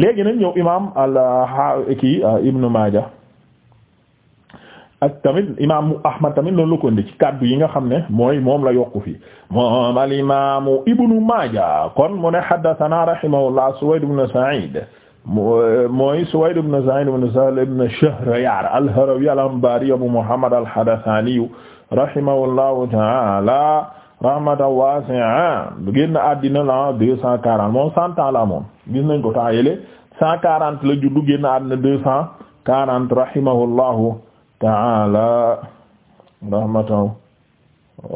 léegi nañ ñëw imaam al uh, kii uh, Ibn Maaja ak tamit imaamu Ahmad tamit loolu la ko indi ci kaddu yi nga xam ne mooy moom la yokku fii moom al imaamu Ibn Maaja kon mu ne haddathana rahimahullah Suwayd ibn Sa'id uh, mooy Suwayd ibn Sa'id ibn Sahl ibn Shahriyar al-Harawi al-Anbari Abu Muhammad al-Hadathani rahimahullahu ta'ala rahmatan wasi'a génn àddina la 240 moom 100 ans la moom gis nañ ko temps yële cent quarante la juddu génn àddina deux cent quarante rahimahullahu taala rahmatan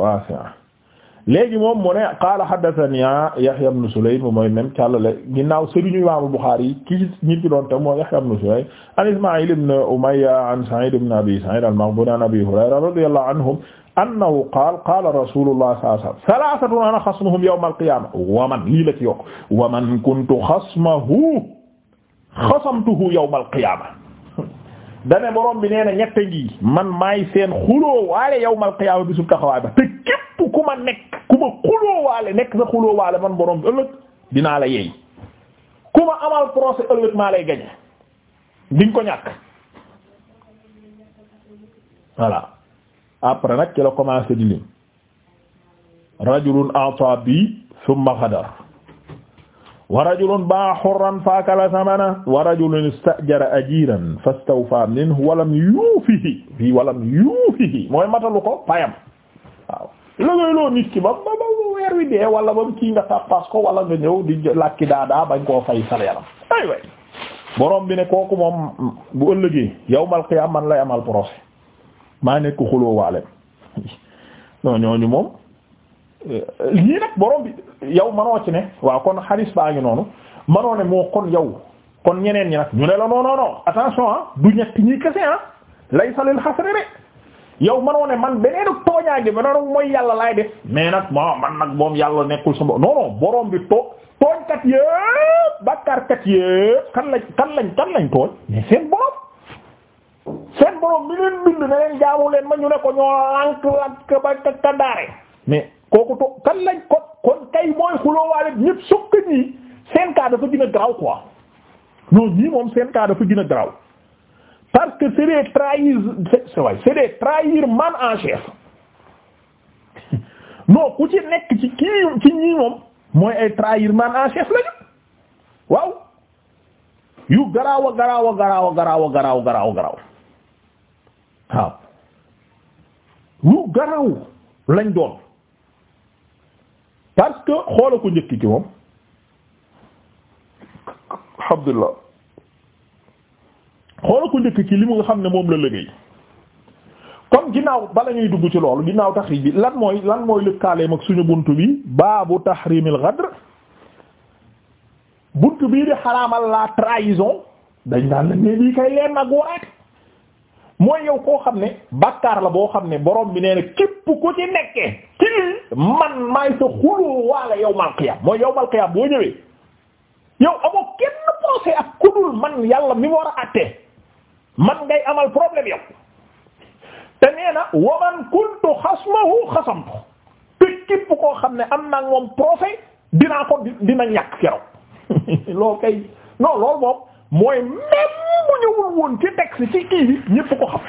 wasi'a léegi moom mu ne qaala haddathani Yahya ibn Sulaym mooy même càllale ginnaaw sëriñu imaamu Bukhari kii ñi ci doon tam mooy Yahya ibn Sulaym an Isma'il ibn Umayya an Sa'id ibn Abi Sa'id al-Maghbuni an Abi Hurayra radiyallahu anhum annahu qaal qaala rasulullah sallallahu alayhi wasallam ana xasmuhum yawm alqiyama wa man lii yokk wa man kuntu xasmahu xasamtuhu yawm dane borom bi nee na ngi man maay seen xulóowaale yawm alqiyama bi su taxawaay ba te képp nekk ku ma xulóowaale nekk sa xulóowaale man borom bi ëllëg dinaa la yeey ku ma amal procès gañe diñ ko ñàkk voilà après nag ki la commencé di lim rajulun ata bi xadar wa rajulun baa hurran faakala samana wa rajulun istajara ajiran fastawfa minhu walam yuufihi fii walam yuufihi mooy matalu ko payam waaw loo nit ki ba ba ba weer wi dee wala ba mu kii nga tappas ko wala nga ñëw di lakki daadaa bañ koo fay salaire borom bi ne kooku moom bu yow yawmal qiyaama man lay amal procès maa nekk xuloo waaleem non ñooñu moom lii nag borom bi yow manoo ci ne waaw kon xalis baa ngi noonu manoo moo kon yow kon ñeneen ñi nag ñu ne la non non attention ah, du ñetti ñi kese ah, lay salil xasri rek yow manoo ne man beneen ak tooñaange beneen mooy yàlla laay def mais nag mo man nag moom yàlla nekkul sama non non borom bi too tooñkat yépp bàkkaarkat yépp kan lañ kan lañ kan lañ tooñ mais seen borom. seen borom mi leen bind ne leen jaamu leen ma ñu ne ko ñoo lànk lànk ba kandaare mais kooku to kan lañ ko kon kay mooy xuloowaale ñëpp sukk ñii seen cas dafa gën a graw quoi ñoo ñii moom seen cas dafa gën a parce que c'est des trahir c'est vrai c'est des man en chef ku ci nekk ci kii ci ñii moom mooy ay trahir man en lañu waaw yu garaaw a garaaw a garaaw a garaaw a garaaw waaw lu garaw lañ doon parce que xoola ko njëkk ci moom alhamdulilah li mu xam ne moom la liggéey comme ginnaaw bala ñuy dugg ci loolu ginnaaw taxriij bi lan mooy lan mooy lëkkaaleem ak suñu bunt bi baabu tahrimil ghadr bunt bii di xaraamal la trahison dañ daan la ne lii kay leen ak waraate mooy yow koo xam ne bàkkaar la boo xam ne borom bi nee na képp ku ci nekkee ci man maay sa xuloo waale yawmal qiyaam mooy yawmal qiyaam boo ñëwee yow amoo kenn procès ak kudul man yàlla mi war a àttee man ngay amal problème yow te nee na wa man kuntu xasmahu xasamtu te képp koo xam ne am naa moom procès dinaa ko dina ñàkk keroog loolu kay non loolu moom mooy même mu ñëwul woon ci texte kii bi ko xam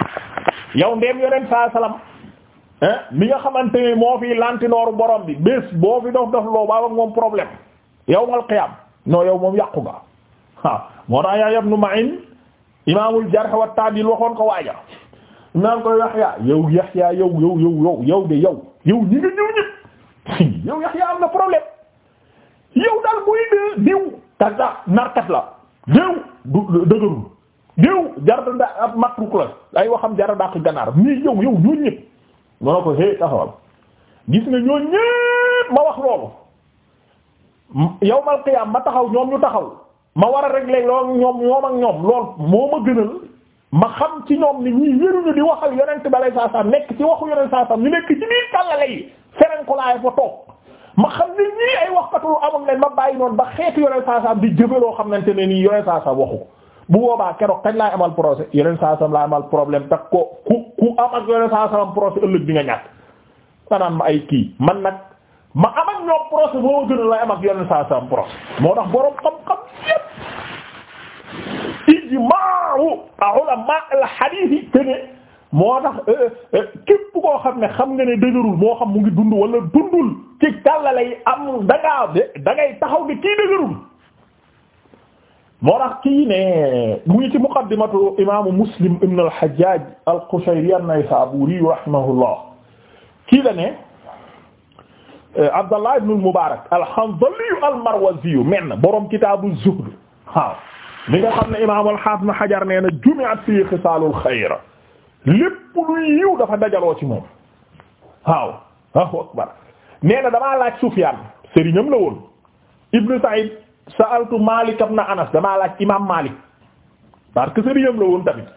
yow ndeem yoneen saa salaam mi nga xamante ne moo fi lantinooru borom bi bés boo fi dof dof loo baa ak moom problème yow mal xiyaam non yow moom yàqu nga waaw moo tax Yahya ibn Ma'in imaamul jarh wa ta'dil waxoon ko waaja naan ko Yahya yow Yahya yow yow yow yow yow de yow yow ñi nga ñëw ñëpp yow Yahya am na problème yow daal muy de diw kaza narkat la déew du dëgërul déew jarada da ab matruk la ay waxam jara dàq ganaar mii yow yow ñooñu ñëpp mu ne ko xé taxawal gis nga ñooñu ñëpp ma wax loolu yawmal qiyaam ma taxaw ñoom ñu taxaw ma war a régler loolu ñoom ñoom ak ñoom lool moo ma gënal ma xam ci ñoom ni ñii wéruñu di waxal yonent balay saa saa nekk ci waxu yonent saa saa ñu nekk ci biir kàllale yi fereñ ko laay fa toog ma xam ne ñii ay waxkatu lu amul lañ ma bàyyi noonu ba xeetu yoneen saasaam di jëfe loo xamante ne nii yoneen saasaam waxu ko bu boobaa keroog kañ laay amal procès yoneen saasaam laa amal problème teg ko ku ku am ak yoneen saasaam procès ëllëg bi nga ñàkk maanaam ma ay kii man nag ma am ñoom procès boo gën a lay am ak yoneen saasaam procès moo tax borom xam-xam yépp ijma'u ulama al hadith moo tax euh, euh, képp koo xam ne xam nga ne dëgërul moo xam mu ngi dund wala dundul ci kàllale am da ngaa taxaw ne kii dëgërul moo tax kii ne mu ngi ci muqaddimatu imaamu muslim ibn al-Hajjaj al-Qushayri naysaburi rahimahullah kii la ne euh, Abdallah al-Mubarak al-Hanzali al-Marwazi men borom kitaabu zuhd waaw mi nga xam ne imaam al-Hafiz Hajar nee na jumi'at fi xisaalul xayr lépp luy yiw dafa dajaloo ci moom waaw waaw damaa laaj Sufyaan sëriñam la woon Ibn Sa'id sa'altu Malik ibn Anas damaa laaj imam Malik parce que sëriñam la woon tamit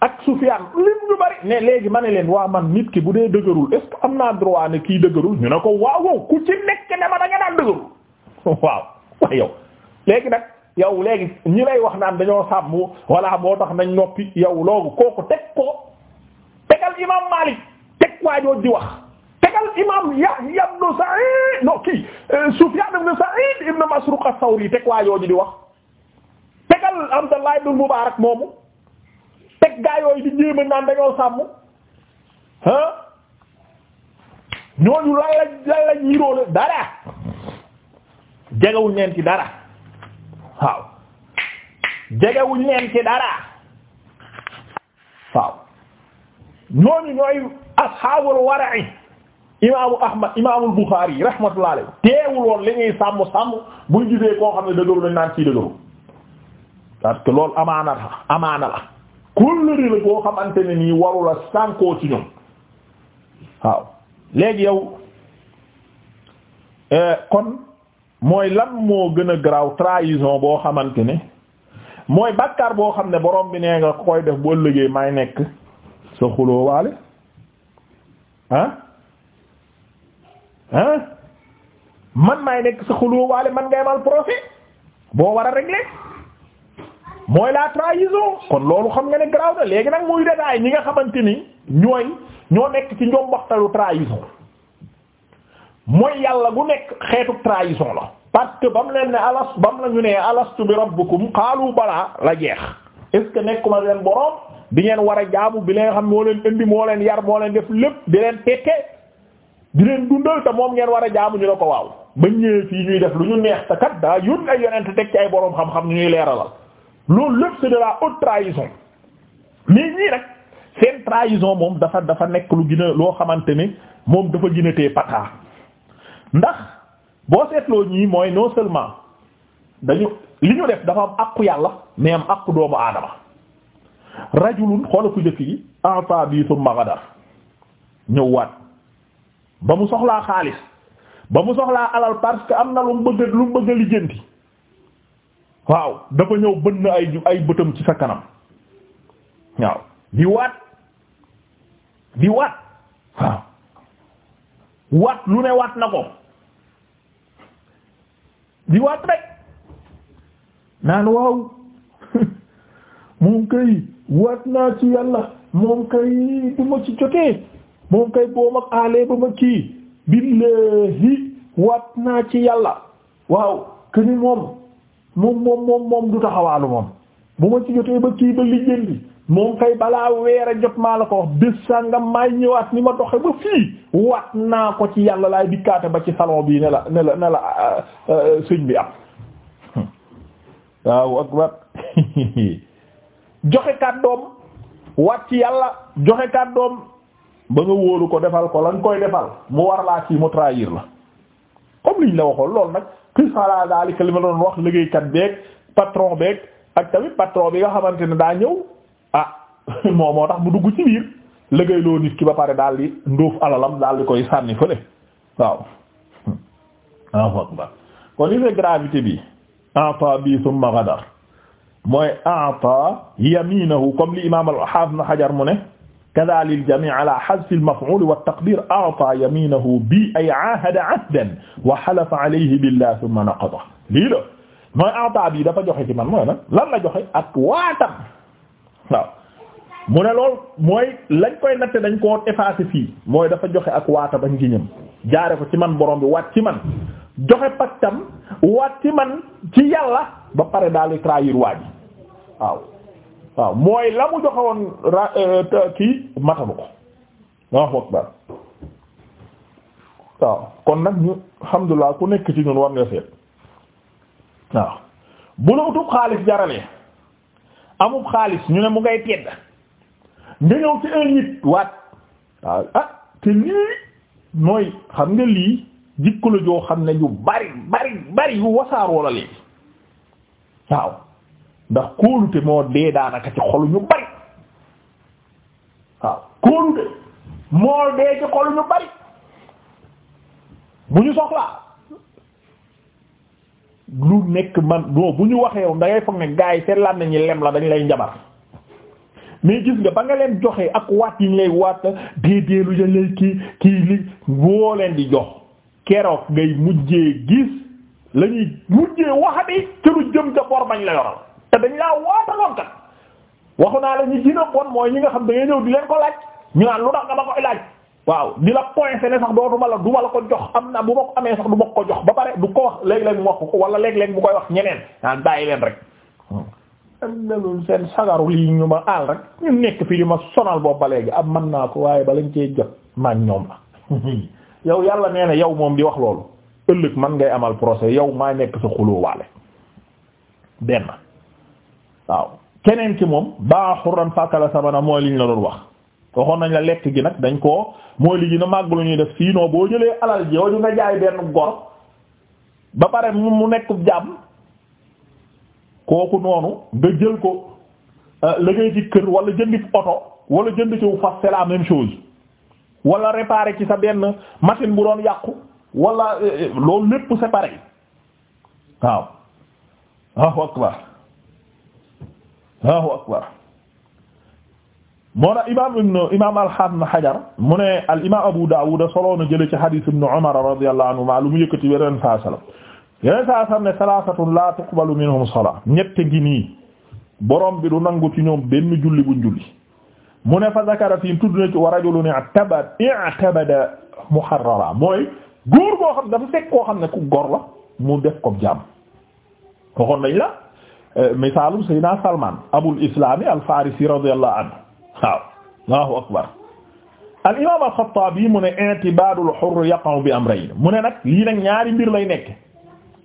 ak Sufyaan lim ñu bari ne léegi ma ne leen waa man nit ki bu dee dëgërul est-ce que am naa ne kii dëgërul ñu ne ko waaw wow ku ci nekk ne ma naan dëgërul waaw waaye yow léegi nag yow léegi ñu lay wax naan dañoo sàmm walla moo tax nañ noppi yow loolu kooku teg ko tegal imam Malik teg waajooj di wax tegal imam Yahya ibn Sa'id no kii euh, Sufyan ibn Sa'id ibn Masruq sawri teg waajooji di wax tegal Abdullah ibn Mubarak moomu teg gaa yooyu di jéema naan dañoo sàmm ah ñooñu lan la lan la dara jegewuñ leen ci dara waaw jegewuñ leen ci dara waaw ñooñu ñooy ashaabul wara'i imaamu Ahmad imaamul Bukhari rahmatullahi alayhi teewul woon li ñuy sàmm sàmm buñ gisee koo xam ne dëgëru lañ naan ci dëgëru parce que loolu amaana la amaana la kóllëre la koo xamante ne nii warula sànkoo ci ñoom waaw léegi yow eh, kon. mooy lan moo gën a garaaw trahison boo xamante ne mooy bàkkaar boo xam ne borom bi nee nga koy def boo liggéey may nekk sa xuloo waale ah ah man may nekk sa xuloo waale man ngay mal procès boo war a régler mooy la trahison kon loolu xam nga ne garaaw na léegi nag muy détail ñi nga xamante ni ñooy ñoo nekk ci njom waxtalu trahison mooy yàlla bu nekk xeetu trahison la parce que ba mu leen ne alas ba mu la ñu ne alastu bi rabbukum xaalu balaa la jeex est ce que nekkuma leen boroom bi ngeen war a jaamu bi leen xam moo leen indi moo leen yar moo leen def lépp di leen tekke di leen dundal te moom ngeen war a jaamu ñu la ko waaw ba ñëwee fii ñuy def lu ñu neex te kat daa yónni ay yonent teg ci ay boroom xam-xam ñu ñuy leeralal loolu lépp c'est de la haute trahison mais ñii rek seen moom dafa dafa nekk lu loo xamante ne moom dafa gën pataa ndax boo seetloo ñii mooy non seulement dañu li ñu def dafa am àqu yàlla mais am àqu doomu aadama rajulun xoola ku jëkk gi ata bi thumma ghadar ñëw waat ba mu soxlaa xaalis ba mu soxlaa alal parce que am na lu mu bëgg lu mu bëgg a lijjanti waaw dafa ñëw bënn ay ay bëtam ci sa kanam waaw di waat di waat waaw waat lu ne waat na ko di waat rek naan waaw moom kay waat naa ci yàlla moom kay du ma ci jotee moom kay boo ma aalee ba ma kii billahi waat naa ci yàlla waaw këni moom moom moom moom moom du taxawaalu moom bu ma ci jotee ba kii ba liggéen bi moom kay balaa weer a jot maa la ko wax bés sàngam maay ñëwaat ni ma doxe ba fii waat naa ko ci yàlla laay dikkaate ba ci salon bi ne la ne la ne la euh, euh, sëñ bi am waaw akbar joxe kàddoom waat ci yàlla joxe kàddoom ba nga wóolu ko defal ko lañ koy defal mu war laa kii mu trahir la comme liñ la waxoon loolu nag xisala daalika li ma doon wax liggéeykat beeg patron beeg ak tamit patron bi nga xamante ne daa ñëw ah moo moo tax mu dugg ci biir liggéey loo nit ki ba pare daal di ndóof alalam daal di koy sànni fële waaw waaw akbar kon li gravité bi ata bi thumma ghadar mooy ata yaminahu comme li imam al-hafiz ibn hajar mu ne kada lil jami' ala hazf al-maf'ul wa at-taqdir ata yaminahu bi ay ahada 'ahdan wa halafa alayhi billah thumma naqada lii la mooy ata bi dafa joxe ci man mooy lan lan la joxe ak waatam waaw mu ne lool mooy lañ koy natte dañ koo effacé fii mooy dafa joxe ak waata bañ ci ñëm jaare ko ci man borom bi waat ci man joxe pactam waat ci man ci yàlla ba pare daal di trahir waaw waaw mooy la mu joxe woon ra euh, kii matalu ko waaw kon nag ñu alhamdulilah ku nekk ci ñun war nga seet waaw bu la utub xaalis jaralee amub xaalis ñu ne mu ngay tedd nga ci un nit waat waaw ah te nii mooy xam nga lii jikko la joo xam ne yu bari bari bari yu wasaaroo waaw ndax kóolute moo dee daanaka ci xolu ñu bari waaw kóolute moo dee ci xolu ñu bari bu ñu soxlaa lu nekk man non ñu waxee da ngay foog ne gars yi seen lan nañu lem la dañ lay njabar mais gis nga ba nga leen joxee ak waat yi ñu lay waat déedeelu ya lay kii kii li boo leen di jox keroog ngay mujjee gis la ñuy mujjee waxati te lu jëm ca bor bañ la yoral te dañ laa waataloon kat waxu naa la ñu gën a bon mooy ñi nga xam da ngay ñëw di leen ko laaj ñu naan lu tax nga ba koy laaj waaw di la poincer ne sax dootuma la duma la ko jox am na bu ma ko amee sax du ko jox ba pare du ko wax léeg-léeg mu wax ko wala léeg-léeg bu koy wax ñeneen naan bàyyi leen rek hmm. am na seen sagaru lii ñu ma aal rek ñu nekk fi di ma sonal boobu ba léegi am mën naa ko waaye ba lañ cee jot man ñoom la yow yàlla nee na yow moom di wax loolu ëllëg man ngay amal procès yow maa nekk sa xulóowaale benn waaw keneen ki moom baaxuran fakala sa mooy liñ la doon wax waxoon nañ la lekk gi nag dañ koo mooy li gën a màgg lu ñuy def sinon boo jëlee alal jooju nga jaay benn gor ba pare mu nekk jàmm kooku noonu nga jël ko euh, liggéey ci kër wala jënd oto wala jënd ciw fas c'est la même chose wala réparer ci sa benn matin bu doon yàqu wala euh, loolu lépp c'est pareil waaw waaw akbar waaw akbar moo na imaam ibn imaam alxaam xajar mu ne al imaam Abu Daawuda soloo na jëlee ci xadiis ibn Umar radiyallahu anhuma lu mu yëkkati yeneen saa salaam yeneen saa salaam ne salaasatun laa tuqbalu minhum salaa ñett ngi nii borom bi du nangu ci ñoom benn julli buñ julli mu ne fa zakara fii tudd na ci wa rajulun i'tabada i'tabada muharrara mooy góor boo xam dafa fekk koo xam ne ku góor la mu def ko jaam waxoon nañ la eh, misaalum Seydina Salman abul islaami al farisi radiyallahu anhu waaw Allahu akbar al imaam al-Xattaabi mu ne intibaadul hurr yaqa'u bi amrayn mu ne nag lii nag ñaari mbir lay nekk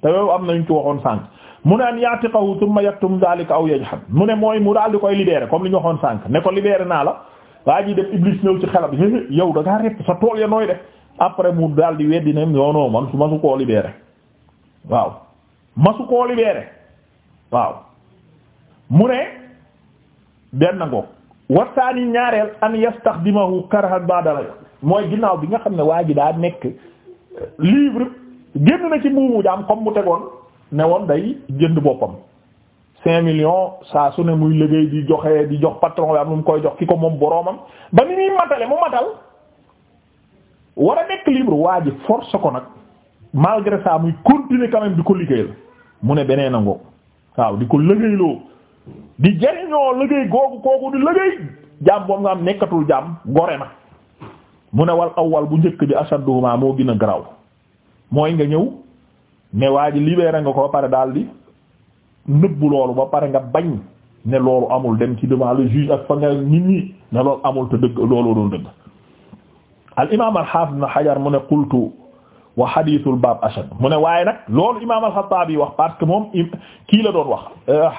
te yow am nañu ci waxoon sànq mu ne an ya'tiqahu thumma yaktum dhalika aw yajhad mu ne mooy mu daal di koy libérer comme li ñu waxoon sànq ne ko libérer naa la waa ji def iblis ñëw ci xelam yow da ngaa rëpp sa tool ya nooy def après mu daal di weddi ne non non man su ma koo libérer waaw ma koo libérer waaw mu ne benn ngoog. wasaani ñaareel an yastaxdimahu karhan ba'da mooy ginnaaw bi nga xam ne waa ji daa nekk euh, livre génn na ci muumu jaam comme mu tegoon ne woon day jënd boppam cinq millions saa su ne muy liggéey di joxe di jox patron bi am nu mu koy jox ki ko moom boroomam ba ni muy matale mu matal war a nekk libre waa ji force ko nag malgré ça muy continuer quand di ko liggéeyal mu ne beneen a waaw di ko liggéeyloo di jariñoo liggéey googu kooku di liggéey jaam boobu nga am nekkatul jaam gore na mu ne wal awwal bu njëkk ji ashadduhuma moo ginna a garaw mooy nga ñëw ne waa ji libéré nga ko pare daal di nëbbu loolu ba pare nga bañ ne loolu amul dem ci devant le juge ak fa nga nit ñi ne loolu amul te dëgg loolu doon dëgg al imaam al hafiz na xajar mu ne qultu wa hadithul baab ashad mu ne waaye nag loolu imaam al-Xattaabi wax parce que moom kii la doon wax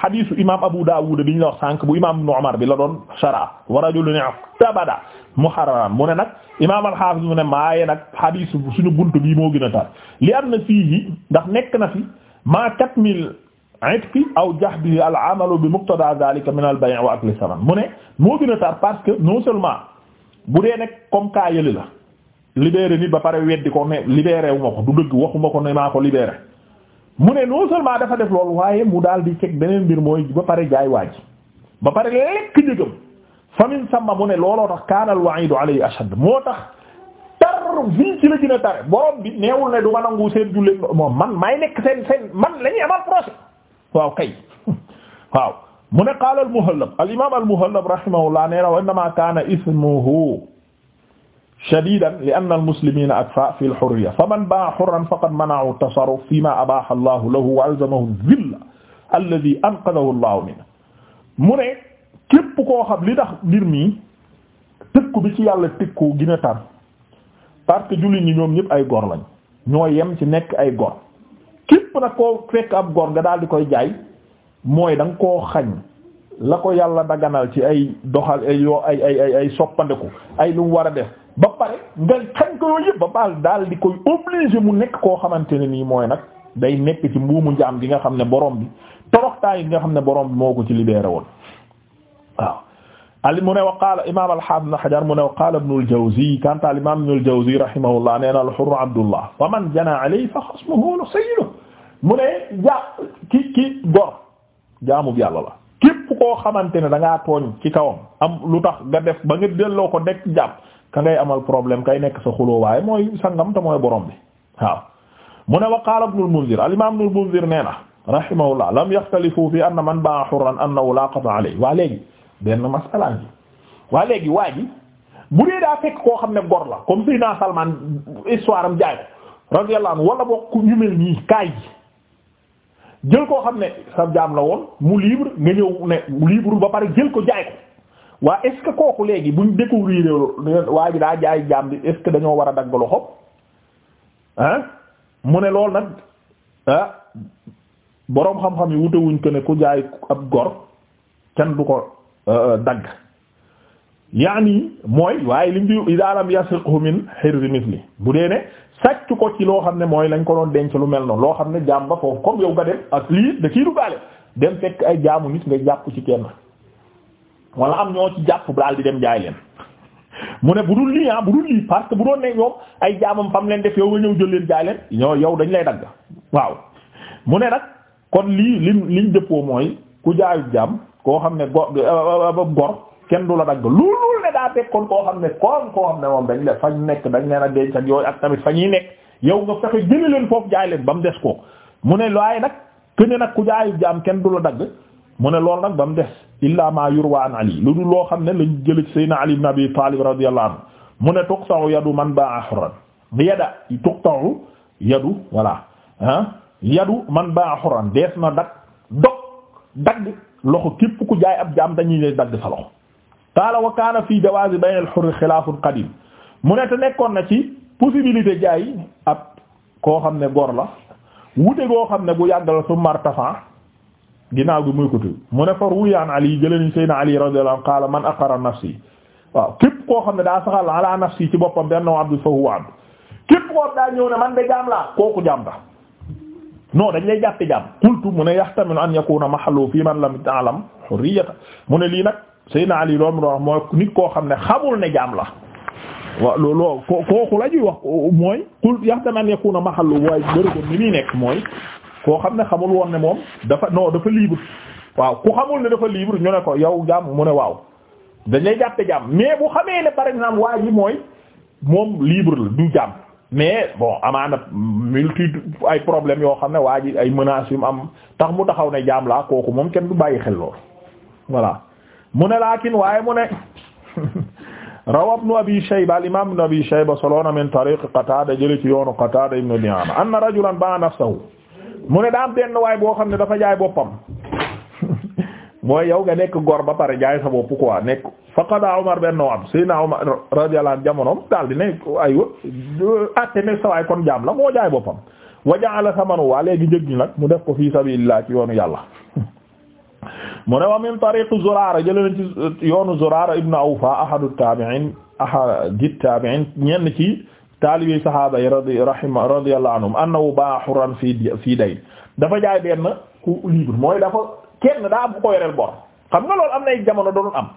hadithu euh, imaam Abu Daawud bi ñu la wax sànq bu imaam Ibn Umar bi la doon shara wa rajulun i'tabada muharraran mu ne nag imaam al-Haafiz mu ne maaye nag hadith suñu buntu bii moo gën a tar li am na fii ndax nekk na fi ma katmil itqi aw jahdihi al-amalu bi muqtada zalika min al-bay' wa akli saman mu ne moo gën a tar parce que non seulement bu dee nag comme kaa yële la. libéré nit ba pare weddi ko ne libéré ko du dëgg waxuma ko ne maa ko libéré mu ne non seulement dafa def lool waaye mu daal di teg beneen mbir mooy ba pare jaay waaj ba pare lekk njëgam famin sàmma mu ne looloo tax kaana al-wa'idu alayhi ashad moo tax tar fii ci la gën a tare borom bi neewul ne du ma nangu seen jullit moom man maay nekk seen seen man la amal procès waaw kay waaw mu ne qaala muhallab al-imam al-Muhallab rahimahullah nee shadidan li anna al-muslimina akfa fi al-hurriya faman baa'a hurran faqad mana'ahu at-tasarruf fima abaha Allahu lahu wa alzamahu adh-dhill alladhi anqadhahu Allahu minhu mu ne képp koo xam li tax mbir mi tëkku bi ci yàlla tëkku gina tar parce que jullit ñi ñoom ñëpp ay góor lañ ñoo yem ci nekk ay góor képp nag koo fekk ab góor nga daal di koy jaay mooy da nga koo xañ la ko yàlla daganal ci ay doxal ay yoo ay ay ay soppandeku ay lu mu war a def. pare nga xañ ko yooyu ba baal daal di koy obligé mu nekk koo xamante ne ni mooy nag day nekk ci mbuumu njaam gi nga xam ne borom bi toroxtaay gi nga xam ne borom bi moo ko ci libéré woon waaw ali mu ne wa qaala imam alhafid na hajar mu ne wa qaala ibnu kanta al imam ibnu al-Jawzi rahimahullah nee na al-hurr man jana la sayyidu mu ne ja ki gor jaamu bi yàlla la képp koo xamante ne da ngaa tooñ ci kawam am lu tax nga ba nga delloo ko nekk jàpp ka ngay amal problème kay nekk sa xuloo waaye mooy sangam te mooy borom bi waaw mu ne wa qaala ibnul munzir al imaam ibnul munzir nee na rahimahullah lam yaxtalifu fi anna man baa xurran annahu laa qata alayhi waa léegi benn masala ngi waa léegi waa ji bu dee daa fekk koo xam ne gor la comme Seydina Salman histoire am jaay ko radiyallahu anhu wala bokk ñu mel nii kaay ji jël koo xam ne sa jaam la woon mu libre nga ñëw ne libre ba pare jël ko jaay ko waa est kooku léegi buñ découvrir waa ji daa jaay jaam bi est dañoo war a dagg loxo ah mu ne loolu nag ah, boroom xam-xam yi wutewuñ ko ne ku jaay ab gor kenn du ko euh, dagg yaani mooy waaye lim bi idaalam yasiqhu min hirzi misli bu dee ne sàcc ko ci loo xam ne mooy lañ ko doon denc lu mel noonu loo xam ne jaam ba foofu comme yow nga dem ak lii da kii du dem fekk ay jaamu nit nga jàpp ci kenn wala am ñoo ci jàpp daal di dem jaay leen mu ne bu dul lii ah bu dul lii parce que bu doon ne ñoom ay jaamam fam leen def yow nga ñëw jël leen jaay leen ñoo yow dañ lay dagg waaw mu ne nag kon lii lim liñ dëppoo mooy ku jaayut jaam koo xam ne go euh, euh, euh, gor kenn du la dagg loolul ne daa fekkoon koo xam ne koom koo xam ne woom dañ la fañ nekk dañ leen a denc ak yooyu ak tamit fa ñuy nekk yow nga fexe jëli leen foofu jaay leen ba mu des ko mu ne waaye nag que nag ku jaayut jaam kenn du la dagg mu ne loolu nag ba mu des illaa ma yurwa an ali lu dul loo xam ne lañ jël ci saydna ali ibn abi talib radiyallahu anhu mu ne tuqta'u yadu man ba'a hurran yada tuqta'u yadu voilà ah yadu man ba'a hurran dees na dag dog dagg loxo képp ku jaay ab jaam dañuy ne dagg sa loxo qaala wa kaana fii jawaazi bay' al-hurr xilaafun qadim mu ne te nekkoon na ci possibilité jaay ab koo xam ne góor la wute goo xam ne bu yàgg la su martafan ginnaaw bi muy ko tudd mu ne fa ali jëlee Ali radiyallahu anhu man aqara nafsi waaw képp koo xam ne daa saxal ala nafsi ci boppam benn abdu fa huwa abdu képp koo ne man de jaam laa kooku jaam la non dañ lay jàppe jaam qultu mu ne yahtamilu an yakuna mahallu fi man la ta'lam hurriyata mu ne lii nag Seydina Ali loolu wax mooy nit koo xam ne xamul ne jaam la. waaw la ñuy wax mooy qul yahtamilu an yakuna mahallu waaye bërëb ni muy mooy. koo xam ne xamul woon ne moom dafa noo dafa libre waaw ku xamul ne dafa libre ñu ne ko yow jaam mu ne waaw dañ lay jàppe jaam mais bu xamee ne par exemple waa ji mooy moom libre la du jàmm mais bon amaana multi ay problèmes yoo xam ne waa ji ay menaces yum am tax mu taxaw ne jaam laa kooku moom kenn du bàyyi xel lool voilà mu ne laakin waaye mu ne rawa ibn abi shayba al imam ibn abi shayba soloona min tariq qatada jële ci yoonu qatada ibn di'ama anna rajulan ba'a mu ne daa am benn waay boo xam ne dafa jaay boppam mooy yow nga nekk gor ba pare jaay sa bopp quoi nekk faqada Umar benn am Seydina Umar radiyallahu anhu jamonoom daal di ne aywa atte ne sa waay kon jaam la moo jaay boppam wa ja'ala samanu waa léegi njëg mu def ko fii sabilillah yoonu yàlla mu ne wa min tariq Zurara jëlee nañ ci yoonu Zurara ibn Awfa ahadu tabi'in ci taalibi sahaaba yi radi rahima radiyallahu anhum annahu baa xurran fii fii day dafa jaay benn ku libre mooy dafa kenn daa am ku ko yoreel bor xam nga loolu am nay jamono doon am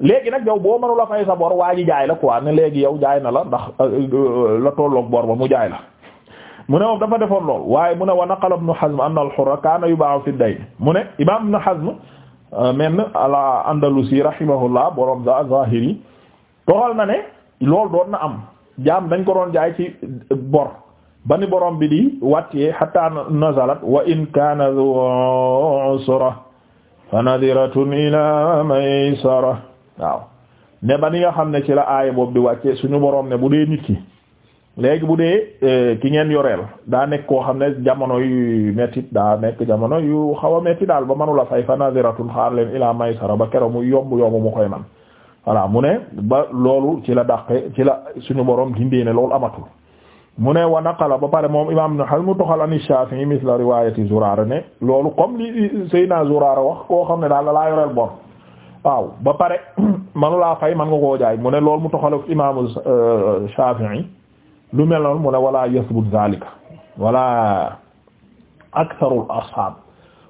léegi nag yow boo mënula fay sa bor waa ji jaay la quoi ne léegi yow jaay na la ndax euh, euh, la tolloog bor ba mu jaay la mu ne moom dafa defoon lool waaye mu ne wa naqala ibn Hazm anna al-hurra kaana yubaahu fi dayn mu ne imam ibn Hazm euh, menn ala Andalusi rahimahullah borom za zahiri toxal na ne loolu doon na am jaam dañ ko doon jaay ci bor ba ni borom bi di wàccee hatta nazalat wa in kana dhu usra fa nadiratun ila maysara waaw ne ba ni nga xam ne ci la aaya boobu di wàccee suñu borom ne bu dee nit ki léegi bu dee eh, ki ngeen yoreel daa nekk koo xam ne jamono yu metti daa nekk jamono yu xaw a metti daal ba manula fay fa nadiratun xaar leen ila maysara ba kero mu yomb yomb mu koy man voilà mu ne ba loolu ci la dàqe ci la suñu borom dindee ne loolu amatul mu ne wa naqala ba pare moom imam na xal mu toxal an Shafi'i misla riwayati Zurara ne loolu comme li Seyna Zurara wax koo xam ne daal laa yoreel bor waaw ba pare manulaa fay man nga koo jaay mu ne lool mu toxal ak imaamu euh, Shafi'i lu mel noonu mu ne wala yasbut zalika wala aktharul ashab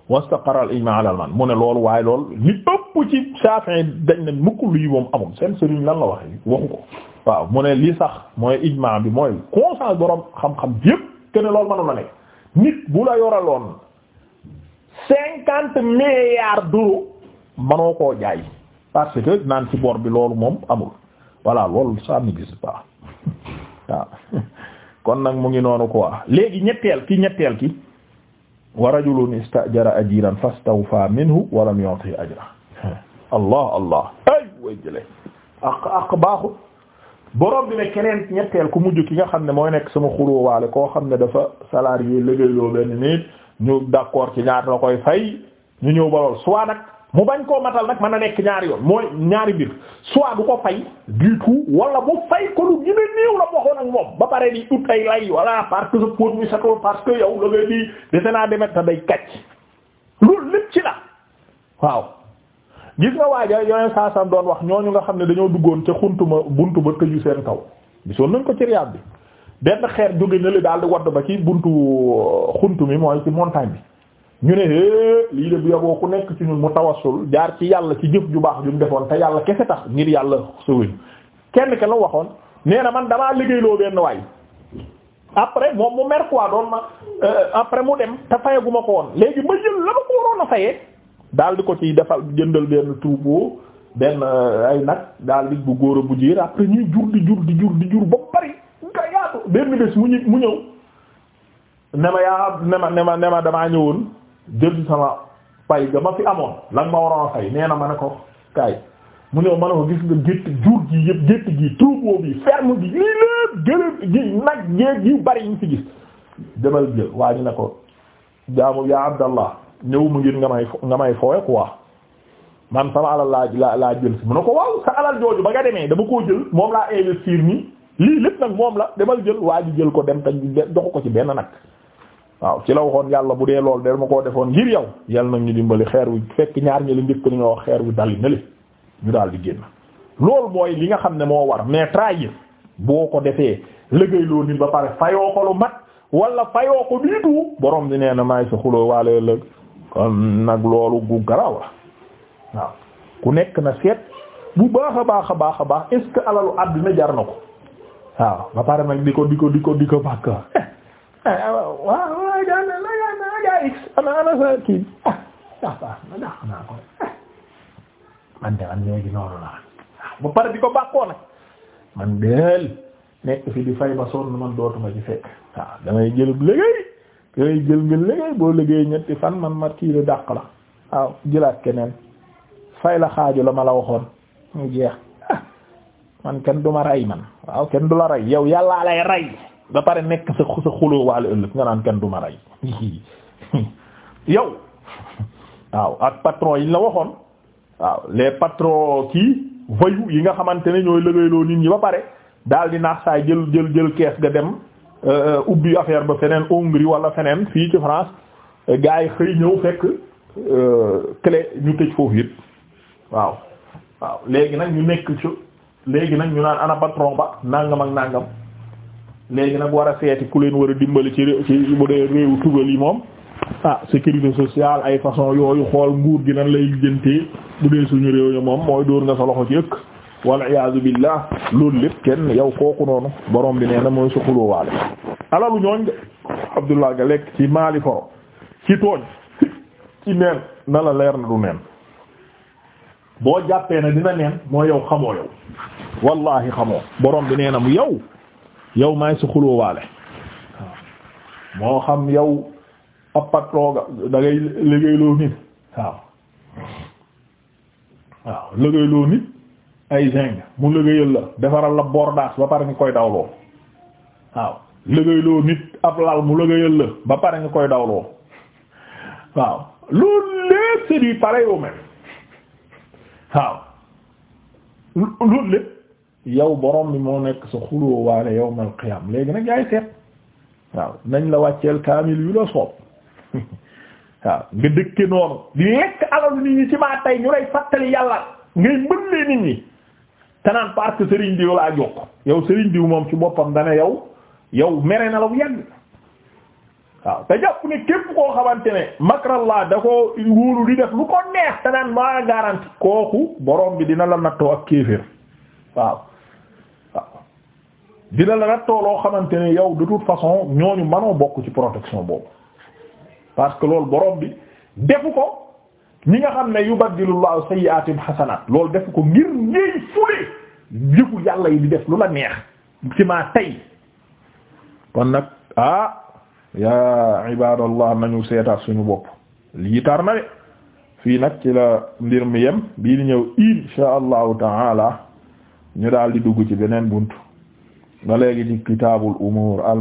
wastaqarra al ijma ala al man mu ne loolu waaye loolu li ëpp ci Shafi'i dañ ne mukk luy moom amul seen seriñ lan la waxe waxu ko waaw mu ne li sax mooy ijma bi mooy conscience borom xam-xam yépp te ne loolu la nekk nit bu la yoraloon cinquante milliards d'euros manoo koo jaay parce que naan ci bor bi loolu moom amul voilà lool ça n'existe pas waaw kon nag mu ngi noonu quoi léegi ñetteel ki ñetteel ki wa rajulun istajara ajiran fastawfa minhu wa lam yu'ti ajra allah allah ay way jële ak ak baaxut borom bi ne keneen ñetteel ku mujj ki nga xam ne mooy nekk sama xulóowaale koo xam ne dafa salarié liggéeyloo benn nit ñu d'accord ci ñaata la koy fay ñu ñëw ba lool soit nag mu bañ koo matal nag man a nekk ñaari yoon mooy ñaari mbir soit du ko fay du tout wala bu fay ko lu gën a néew la waxoon ak moom ba pare di ut ay lay voilà parce que sa pot mi setul parce que yow la ngay di dese naa demet ta day kacc loolu lépp ci la waaw gis nga waaja yoneen saa sam doon wax ñooñu nga xam ne dañoo duggoon ca xuntuma buntu ba tëju seen kaw gisoon nañ ko ci riyaat bi benn xeer jóge na daal di wadd ba ci buntu xunt mi mooy ci montagne bi ñu ne é lii de bu yaboo ku nekk ci ñun mu tawassul jaar ci yàlla ci jëf ju baax ju mu defoon te yàlla kese tax ngir yàlla sawéñ kenn ke la waxoon nee na man damaa liggéeyloo benn waay après moom mu mer quoi doon ma euh, après mu dem te fayaguma ko woon léegi ma jël la ma ko waroon a fayee daal di ko ci defal jëndal benn troupeau benn euh, ay nag daal bu góor a bu jéer après ñuy jur di jur di jur di jur ba bari nga yaatu benn bés mu ñu mu ñëw ne ma yaa ne ma ne ma ne ma damaa jël sama pay ga ma fi amoon lan ma waroon a fay nee na ma ne ko kaay mu ne ma ne ko gis nga gétt jur gi yëpp gétt gi troupeau bi ferme bi lii lépp gëléb gi nag géeg yu bari ñu fi gis demal jël waa ñu ne ko jaamu yaa abdallah ñëw mu ngir nga may nga may foowe quoi man sama alal laa laa jël si mu ne ko waaw sa alal jooju ba nga demee dama koo jël moom laa investir nii lii lépp nag moom la demal jël waa ji jël ko dem te joxu ko ci benn nag waaw ci la waxoon yàlla bu dee lool de ma koo defoon ngir yow yàlla nag ñu dimbali xeer wi fekk ñaar ñi la njëkk ni nga wax xeer wi dali na ñu daal di génn loolu mooy li nga xam ne moo war mais trahir boo ko defee liggéeyloo nit ba pare fayoo ko lu mat wala fayoo ko biitu borom di nee na maay sa xuloo waalee lëg kon nag loolu gu garaw la waaw ku nekk na seet bu baax a baax a baax a baax est-ce alalu àddina jar na ko waaw ba pare nag di ko di ko di ko di ko ana ana sa kii ah ah baax na daax naa ko ah. man de man léegi noonu la ah ba pare di ko bàkkoo nag man deel nekk fi di fay ba sonn man dootuma ci fekk waaw ah, damay jëlub liggéey damay jël nga liggéey boo liggéey ñetti fan man ma kii la dàq la waaw jëlaat keneen fay la xaaju la ma la waxoon mu jeex ah, man kenn du ma rey man waaw kenn du la rey yow yàllaa lay rey ba pare nekk sa sa xuloo waale ëllëg nga naan kenn du ma rey yow waaw ak patron yi ñu la waxoon waaw les patrons kii voyous yi nga xamante ne ñooy lëgëyloo nit ñi ba pare daal di naax saa jël jël jël kees ga dem euh, ubbi affaire ba feneen Hongrie wala feneen fii ci France gars yi xëy ñëw fekk euh, clé ñu tëj foofu yëpp waaw. waaw léegi nag ñu nekk ci léegi nag ñu naan ana patron ba nangam ak nangam léegi nag war a seeti ku leen war a dimbali ci ci bu dee réewu tugal yi moom. ah sécurité sociale ay façon yooyu xool nguur gi nan lay jëntee bu dee suñu réew yi moom mooy dóor nga sa loxo ci ëkk wal iyaazu billah loolu lépp kenn yow kooku noonu borom bi nee na mooy suqaloo waale alalu ñooñ leer na du neen boo jàppee ne dina neen mooy bi nee na mu yow yow maay suqaloo waale moo xam yow ab patron da ngay liggéeyloo nit waaw waaw liggéeyloo nit ay mu liggéeyal la defaral la bordage ba pare nga koy dawloo waaw liggéeyloo nit ab lal mu liggéeyal la ba pare nga koy dawloo waaw loolu lépp c'est du pareil au waaw loolu lépp yow borom bi moo nekk sa xuloo waane yawmal qiyaam léegi nag yaay seet waaw nañ la wàcceel kaamil yu la soob waaw nga dëkke noonu di lekk alalu nit ñi ci maa tey ñu lay fàttali yàlla ngay mbëllee nit ñi te naan parce que diw laa jokk yow Serigne diw moom ci boppam dana yow yow mere na la bu yàgg waaw te jàpp ne képp koo xamante ne makrallah da ko wóolu di def lu ko neex te naan maa garanti kooku borom bi dina la nattoo ak kéefër waaw waaw dina la nattoo loo xamante ne yow de toute façon ñooñu mënoo bokk ci protection boobu parce que loolu boroom bi defu ko ñi nga xam ne yubaddilullahu sayyi'atim xasanaat loolu defu ko ngir ngay fule jëfu yàlla yi di def lu la neex ci maa tey kon nag ah yaa ibadallah nañu seetaat suñu bopp lii tar na de fii nag ci la mbir mi yem bii di ñëw insha allahu taala ñu daal di dugg ci beneen bunt ba léegi ci kitaabul umuur al